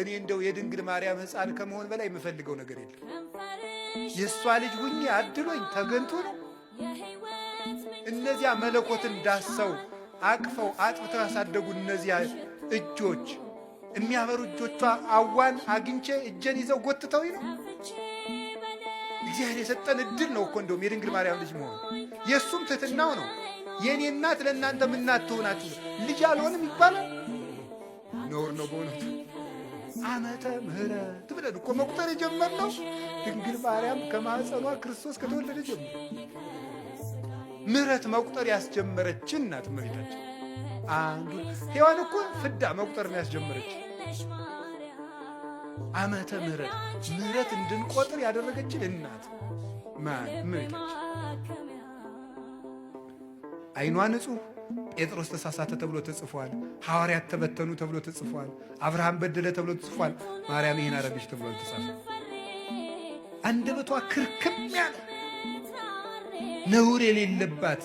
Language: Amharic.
እኔ እንደው የድንግል ማርያም ሕፃን ከመሆን በላይ የምፈልገው ነገር የለም። የእሷ ልጅ ሁኜ አድሎኝ ተገንቶ ነው። እነዚያ መለኮትን ዳሰው አቅፈው አጥብተው ያሳደጉ እነዚያ እጆች የሚያበሩ እጆቿ አዋን አግኝቼ እጄን ይዘው ጎትተው ነው። እግዚአብሔር የሰጠን እድል ነው እኮ እንደውም የድንግል ማርያም ልጅ መሆኑ የእሱም ትሕትናው ነው። የእኔ እናት ለእናንተም እናት ትሆናችሁ ልጅ አልሆንም ይባላል። ነውር ነው በእውነቱ። ዓመተ ምሕረት ብለን እኮ መቁጠር የጀመርነው ድንግል ማርያም ከማኅፀኗ ክርስቶስ ከተወለደ ጀምሮ ምሕረት መቁጠር ያስጀመረችን ናት እመቤታችን። አንዱ ሔዋን እኮ ፍዳ መቁጠር ነው ያስጀመረች። ዓመተ ምሕረት ምሕረት እንድንቆጥር ያደረገችን እናት ማን እመቤታችን። ዓይኗ ንጹሕ ጴጥሮስ ተሳሳተ ተብሎ ተጽፏል። ሐዋርያት ተበተኑ ተብሎ ተጽፏል። አብርሃም በደለ ተብሎ ተጽፏል። ማርያም ይህን አረገች ተብሎ ተጻፈ። አንደበቷ ክርክም ያለ ነውር የሌለባት